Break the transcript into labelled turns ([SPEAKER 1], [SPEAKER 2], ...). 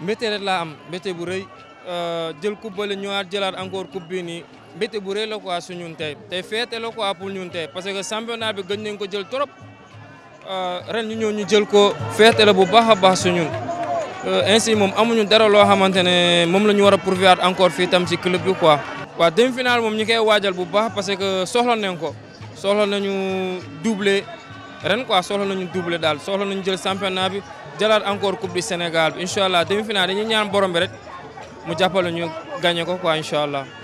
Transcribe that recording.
[SPEAKER 1] mbéte rek la am mbéte bu rëy euh, jël coupe bale ñëwaat jëlaat encore coupe nii mbéte bu rëy la quoi su ñun tey tey feete la quoi pour ñun tey parce que championnat bi gëj nañ ko jël trop euh, ren ñu ñëw ñu jël ko feete la bu baax a baax su ñun euh, ainsi moom amuñu dara loo xamante ne moom la ñu war a prouver encore fii tam ci club bi quoi. waaw demi-finale moom ñu koy waajal bu baax parce que soxla nañ ko soxla nañu doubler. ren quoi soxla nañu doubler daal soxla nañu jël championnat bi jëlaat encore coupe du Sénégal bi incha allah demi-finale dañuy ñaan borom bi rek mu jàppale ñu gagné ko quoi incha allah.